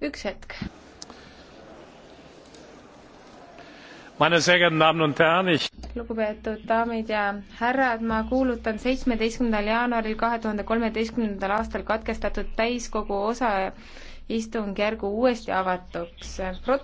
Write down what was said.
üks hetk. lugupeetud daamid ja härrad, ma kuulutan seitsmeteistkümnendal jaanuaril kahe tuhande kolmeteistkümnendal aastal katkestatud täiskogu osa istungjärgu uuesti avatuks.